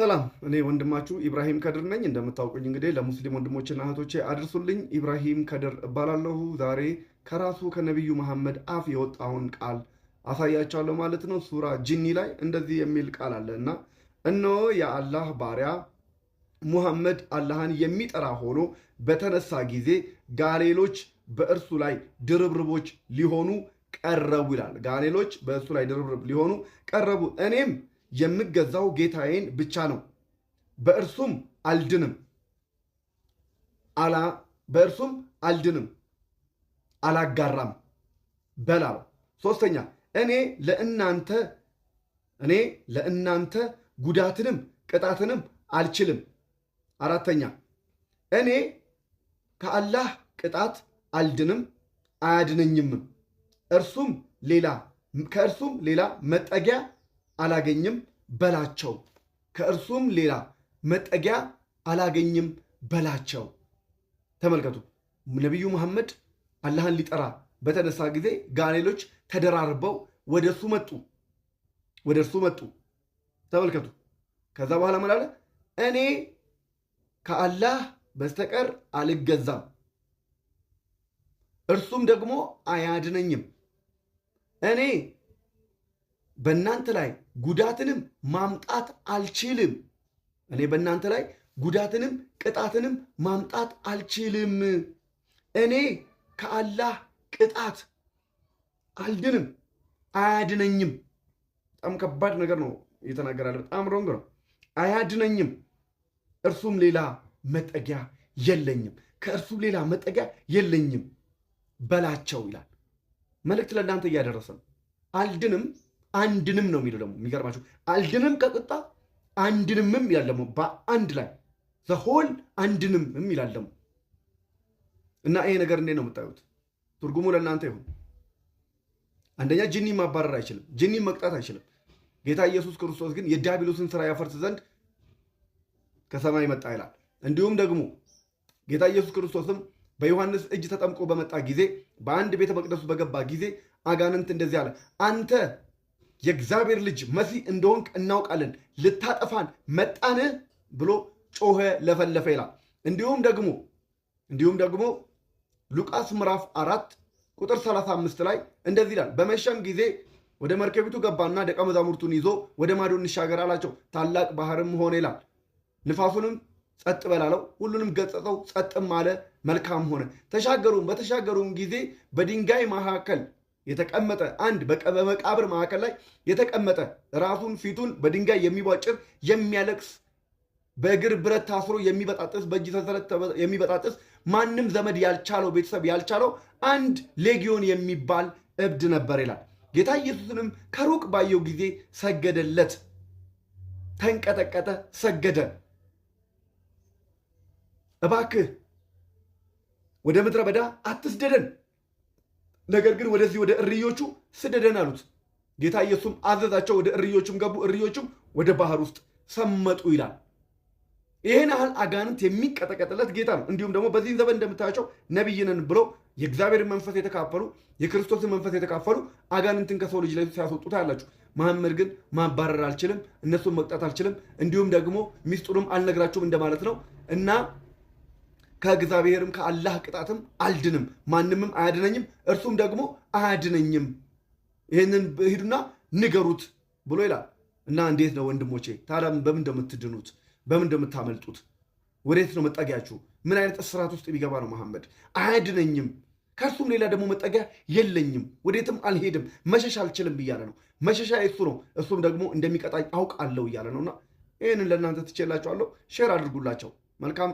ሰላም እኔ ወንድማችሁ ኢብራሂም ከድር ነኝ። እንደምታውቁኝ እንግዲህ ለሙስሊም ወንድሞችና እህቶቼ አድርሱልኝ። ኢብራሂም ከድር እባላለሁ። ዛሬ ከራሱ ከነቢዩ መሐመድ አፍ የወጣውን ቃል አሳያቸዋለሁ ማለት ነው። ሱራ ጂኒ ላይ እንደዚህ የሚል ቃል አለ እና እነሆ የአላህ ባሪያ ሙሐመድ አላህን የሚጠራ ሆኖ በተነሳ ጊዜ ጋሌሎች በእርሱ ላይ ድርብርቦች ሊሆኑ ቀረቡ ይላል። ጋሌሎች በእርሱ ላይ ድርብርብ ሊሆኑ ቀረቡ እኔም የምገዛው ጌታዬን ብቻ ነው፣ በእርሱም አልድንም አላ በእርሱም አልድንም አላጋራም በላው። ሶስተኛ እኔ ለእናንተ እኔ ለእናንተ ጉዳትንም ቅጣትንም አልችልም። አራተኛ እኔ ከአላህ ቅጣት አልድንም አያድነኝምም። እርሱም ሌላ ከእርሱም ሌላ መጠጊያ አላገኝም በላቸው። ከእርሱም ሌላ መጠጊያ አላገኝም በላቸው። ተመልከቱ፣ ነቢዩ መሐመድ አላህን ሊጠራ በተነሳ ጊዜ ጋኔሎች ተደራርበው ወደ እርሱ መጡ ወደ እርሱ መጡ። ተመልከቱ። ከዛ በኋላ ምን አለ? እኔ ከአላህ በስተቀር አልገዛም፣ እርሱም ደግሞ አያድነኝም። እኔ በእናንተ ላይ ጉዳትንም ማምጣት አልችልም። እኔ በእናንተ ላይ ጉዳትንም ቅጣትንም ማምጣት አልችልም። እኔ ከአላህ ቅጣት አልድንም፣ አያድነኝም። በጣም ከባድ ነገር ነው የተናገራል። በጣም ሮንግ ነው። አያድነኝም፣ እርሱም ሌላ መጠጊያ የለኝም፣ ከእርሱ ሌላ መጠጊያ የለኝም በላቸው ይላል። መልእክት ለእናንተ እያደረሰ ነው። አልድንም አንድንም ነው የሚለው ደግሞ የሚገርማቸው አልድንም ከቁጣ አንድንምም ይላል ደግሞ በአንድ ላይ ዘሆል አንድንምም ይላል ደግሞ እና ይሄ ነገር እንዴት ነው የምታዩት? ትርጉሙ ለእናንተ ይሁን። አንደኛ ጅኒ ማባረር አይችልም፣ ጅኒ መቅጣት አይችልም። ጌታ ኢየሱስ ክርስቶስ ግን የዲያብሎስን ስራ ያፈርስ ዘንድ ከሰማይ መጣ ይላል። እንዲሁም ደግሞ ጌታ ኢየሱስ ክርስቶስም በዮሐንስ እጅ ተጠምቆ በመጣ ጊዜ በአንድ ቤተ መቅደሱ በገባ ጊዜ አጋንንት እንደዚህ አለ አንተ የእግዚአብሔር ልጅ መሲህ እንደሆንክ እናውቃለን፣ ልታጠፋን መጣን ብሎ ጮኸ፣ ለፈለፈ ይላል። እንዲሁም ደግሞ እንዲሁም ደግሞ ሉቃስ ምዕራፍ አራት ቁጥር 35 ላይ እንደዚህ ይላል። በመሸም ጊዜ ወደ መርከቢቱ ገባና ደቀ መዛሙርቱን ይዞ ወደ ማዶ እንሻገር አላቸው፣ ታላቅ ባህርም ሆነ ይላል። ንፋሱንም ጸጥ በላለው፣ ሁሉንም ገጸጸው፣ ጸጥም አለ፣ መልካም ሆነ። ተሻገሩም። በተሻገሩም ጊዜ በድንጋይ መካከል የተቀመጠ አንድ በመቃብር ማዕከል ላይ የተቀመጠ ራሱን ፊቱን በድንጋይ የሚቧጭር የሚያለቅስ በእግር ብረት ታስሮ የሚበጣጥስ በእጅ ሰንሰለት የሚበጣጥስ ማንም ዘመድ ያልቻለው ቤተሰብ ያልቻለው አንድ ሌጊዮን የሚባል እብድ ነበር ይላል። ጌታ ኢየሱስንም ከሩቅ ባየው ጊዜ ሰገደለት፣ ተንቀጠቀጠ፣ ሰገደ። እባክህ ወደ ምድረ በዳ አትስደደን። ነገር ግን ወደዚህ ወደ እርዮቹ ስደደን አሉት። ጌታ ኢየሱስም አዘዛቸው። ወደ እርዮቹም ገቡ፣ እርዮቹም ወደ ባህር ውስጥ ሰመጡ ይላል። ይህን ያህል አጋንንት የሚቀጠቀጥለት ጌታ ነው። እንዲሁም ደግሞ በዚህ ዘመን እንደምታያቸው ነቢይ ነን ብለው የእግዚአብሔር መንፈስ የተካፈሉ የክርስቶስን መንፈስ የተካፈሉ አጋንንትን ከሰው ልጅ ላይ ሲያስወጡት ያላችሁ መሐመድ ግን ማባረር አልችልም፣ እነሱን መቅጣት አልችልም፣ እንዲሁም ደግሞ ሚስጥሩም አልነግራችሁም እንደማለት ነው እና ከእግዚአብሔርም ከአላህ ቅጣትም አልድንም፣ ማንምም አያድነኝም፣ እርሱም ደግሞ አያድነኝም። ይህንን ሂዱና ንገሩት ብሎ ይላል እና እንዴት ነው ወንድሞቼ? ታዲያ በምን እንደምትድኑት በምን እንደምታመልጡት ወዴት ነው መጠጊያችሁ? ምን አይነት እስራት ውስጥ የሚገባ ነው መሐመድ? አያድነኝም፣ ከእርሱም ሌላ ደግሞ መጠጊያ የለኝም፣ ወዴትም አልሄድም፣ መሸሽ አልችልም እያለ ነው። መሸሻ የሱ ነው፣ እሱም ደግሞ እንደሚቀጣኝ አውቃለሁ እያለ ነውና ይህንን ለእናንተ ትቼላችኋለሁ። ሼር አድርጉላቸው። መልካም